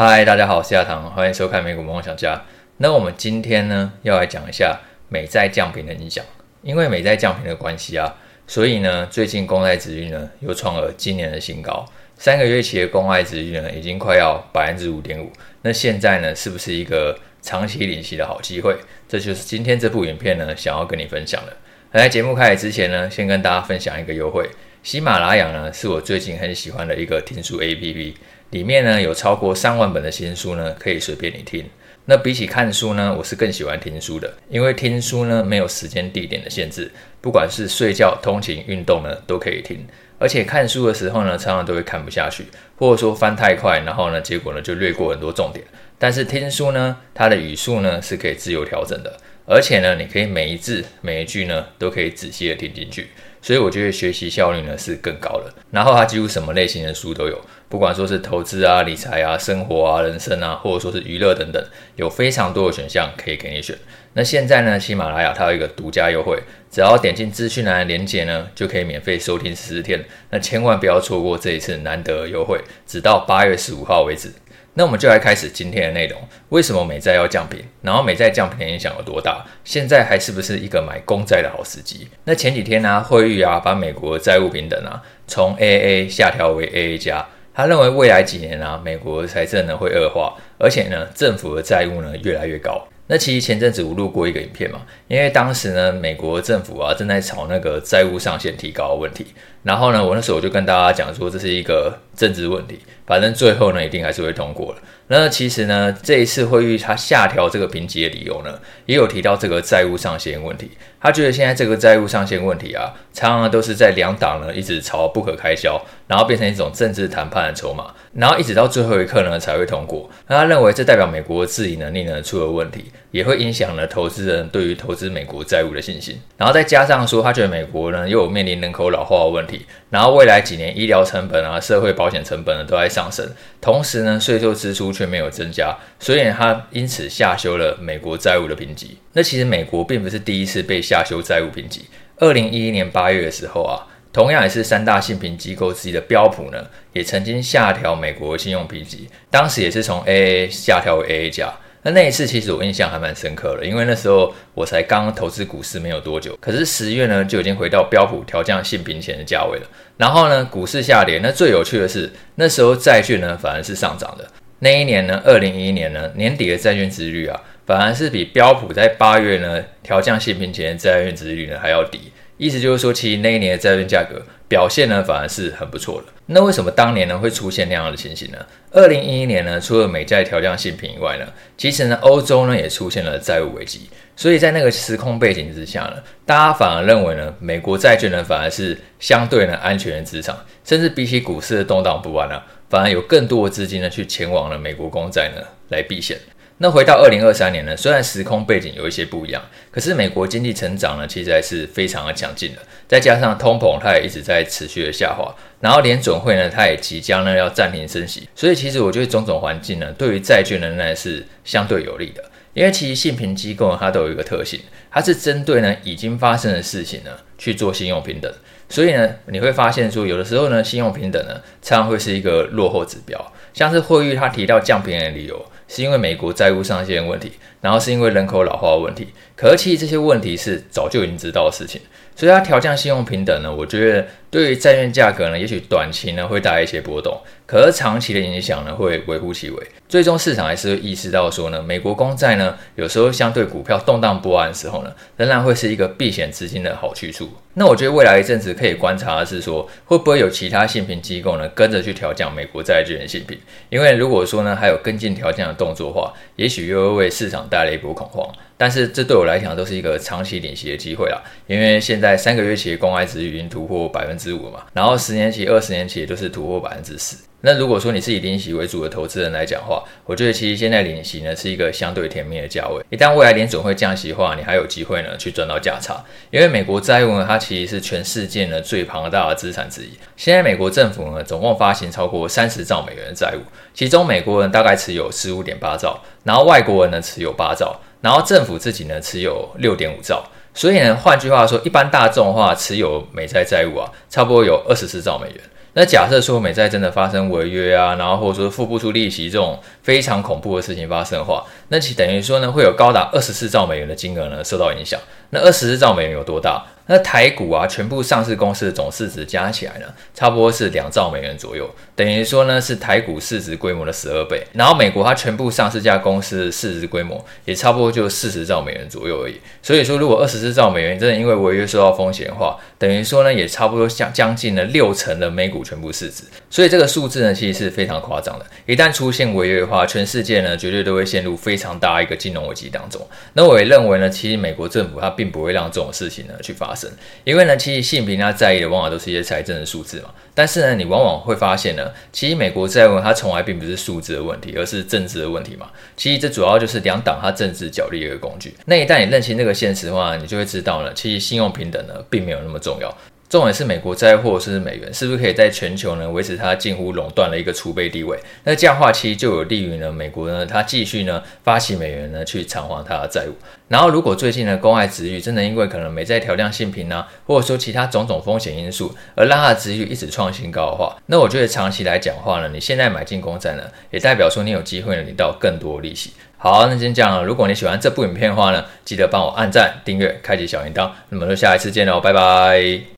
嗨，大家好，我是亞棠，歡迎收看《美股夢想家》。那我們今天呢，要來講一下美債降評的影響。因為美債降評的關係啊，所以呢，最近公債殖利率呢又創了今年的新高。三個月期的公債殖利率呢，已經快要百分之五點五。那現在呢，是不是一個長期領息的好機會？這就是今天這部影片呢，想要跟你分享的。那在節目開始之前呢，先跟大家分享一個優惠。喜馬拉雅呢，是我最近很喜歡的一個聽書 APP。裡面呢，有超過上萬本的新書呢，可以隨便你聽。那比起看書呢，我是更喜歡聽書的，因為聽書呢沒有時間、地點的限制，不管是睡覺、通勤、運動呢都可以聽。而且看書的時候呢，常常都會看不下去，或者說翻太快，然後呢，結果呢就略過很多重點。但是聽書呢，它的語速呢是可以自由調整的。而且呢，你可以每一字每一句呢，都可以仔細的聽進去，所以我覺得學習效率呢是更高的。然後它幾乎什麼類型的書都有，不管說是投資啊、理財啊、生活啊、人生啊，或者說是娛樂等等，有非常多的選項可以給你選。那現在呢，喜馬拉雅它有一個獨家優惠，只要點進資訊欄的鏈接呢，就可以免費收聽十四天。那千萬不要錯過這一次難得的優惠，直到八月十五號為止。那我們就來開始今天的內容。為什麼美債要降評？然後美債降評的影響有多大？現在還是不是一個買公債的好時機？那前幾天呢、啊，惠譽啊，把美國的債務評等啊，從 AA 下調為 AA 加。他認為未來幾年呢、啊，美國財政呢會惡化，而且呢，政府的債務呢越來越高。那其實前陣子我錄過一個影片嘛，因為當時呢，美國政府啊正在吵那個債務上限提高的問題，然後呢，我那時候就跟大家講說，這是一個政治問題，反正最後呢一定還是會通過了。那其實呢，這一次惠譽他下調這個評級的理由呢，也有提到這個債務上限問題。他覺得現在這個債務上限問題啊，常常都是在兩黨呢一直吵不可開交。然後變成一種政治談判的籌碼，然後一直到最後一刻呢才會通過。那他認為這代表美國的治理能力呢出了問題，也會影響了投資人對於投資美國債務的信心。然後再加上說，他覺得美國呢又有面臨人口老化的問題，然後未來幾年醫療成本啊、社會保險成本呢都在上升，同時呢稅收支出卻沒有增加，所以他因此下修了美國債務的評級。那其實美國並不是第一次被下修債務評級，二零一一年八月的時候啊。同樣也是三大信評機構之一的標普呢，也曾經下調美國的信用評級，當時也是從 AA 下調為 AA 加。那那一次其實我印象還蠻深刻的，因為那時候我才剛剛投資股市沒有多久，可是十月呢就已經回到標普調降信評前的價位了。然後呢，股市下跌，那最有趣的是那時候債券呢反而是上漲的。那一年呢，二零一一年呢年底的債券殖率啊，反而是比標普在八月呢調降信評前債券殖率呢還要低。意思就是說，其實那一年的債券價格表現呢，反而是很不錯的。那為什麼當年呢會出現那樣的情形呢？二零一一年呢，除了美債調降信評以外呢，其實呢，歐洲呢也出現了債務危機。所以在那個時空背景之下呢，大家反而認為呢，美國債券呢反而是相對呢安全的資產，甚至比起股市的動盪不安啊，反而有更多的資金呢去前往了美國公債呢來避險。那回到二零二三年呢，雖然時空背景有一些不一樣，可是美國經濟成長呢，其實還是非常的強勁的。再加上通膨，它也一直在持續的下滑。然後聯準會呢，它也即將呢要暫停升息。所以其實我覺得種種環境呢，對於債券仍然是相對有利的。因為其實信評機構呢它都有一個特性，它是針對呢已經發生的事情呢去做信用評等。所以呢，你會發現說，有的時候呢，信用評等呢，常常會是一個落後指標。像是惠譽他提到降評的理由。是因為美國債務上限問題，然後是因為人口老化問題。可是其實這些問題是早就已經知道的事情，所以它調降信用評等呢，我覺得。對於債券價格呢，也許短期呢會帶一些波動，可是長期的影響呢會微乎其微。最終市場還是會意識到說呢，美國公債呢有時候相對股票動盪不安的時候呢，仍然會是一個避險資金的好去處。那我覺得未來一陣子可以觀察的是說，會不會有其他信評機構呢跟着去調降美國債券的信評？因為如果說呢還有跟進調降的動作的話，也許又會為市場帶來一波恐慌。但是這對我來講都是一個長期領息的機會啦，因為現在三個月期的公債殖利率已經突破百分之五嘛，然後十年期、二十年期也就是突破百分之十。那如果說你是以領息為主的投資人來講的話，我覺得其實現在領息呢是一個相對甜蜜的價位。一旦未來聯準會降息的話，你還有機會呢去賺到價差。因為美國債務呢，它其實是全世界呢最龐大的資產之一。現在美國政府呢總共發行超過三十兆美元的債務，其中美國人大概持有十五點八兆，然後外國人呢持有八兆，然後政府自己呢持有六點五兆。所以呢，換句話說，一般大眾的話持有美債債務啊，差不多有二十四兆美元。那假設說美債真的發生違約啊，然後或者說付不出利息這種非常恐怖的事情發生的話，那其等於說呢，會有高達二十四兆美元的金額呢，受到影響。那二十四兆美元有多大？那台股啊，全部上市公司的總市值加起來呢，差不多是兩兆美元左右，等於說呢是台股市值規模的十二倍。然後美國它全部上市家公司市值規模也差不多就四十兆美元左右而已。所以說，如果二十四兆美元真的因為違約受到風險的話，等於說呢也差不多像將近了六成的美股全部市值。所以這個數字呢其實是非常誇張的。一旦出現違約的話，全世界呢絕對都會陷入非常大一個金融危機當中。那我也認為呢，其實美國政府它並不會讓這種事情呢去發生。因為呢，其實信評他在意的往往都是一些財政的數字嘛。但是呢，你往往會發現呢，其實美國債務它從來並不是數字的問題，而是政治的問題嘛。其實這主要就是兩黨它政治角力的一個工具。那一旦你認清這個現實的話，你就會知道了，其實信用評等呢，並沒有那麼重要。重點是美國債或者是美元是不是可以在全球呢維持它近乎壟斷的一個儲備地位？那這樣的話，其實就有利於呢美國呢它繼續呢發起美元呢去償還它的債務。然後如果最近呢公債殖利率，真的因為可能美債調降信評啊，或者說其他種種風險因素而讓它的殖利率一直創新高的話，那我覺得長期來講的話呢，你現在買進公債呢，也代表說你有機會呢領到更多利息。好，那先這樣了。如果你喜歡這部影片的話呢，記得幫我按讚、訂閱、開啟小鈴鐺。那麼就下一次見嘍，拜拜。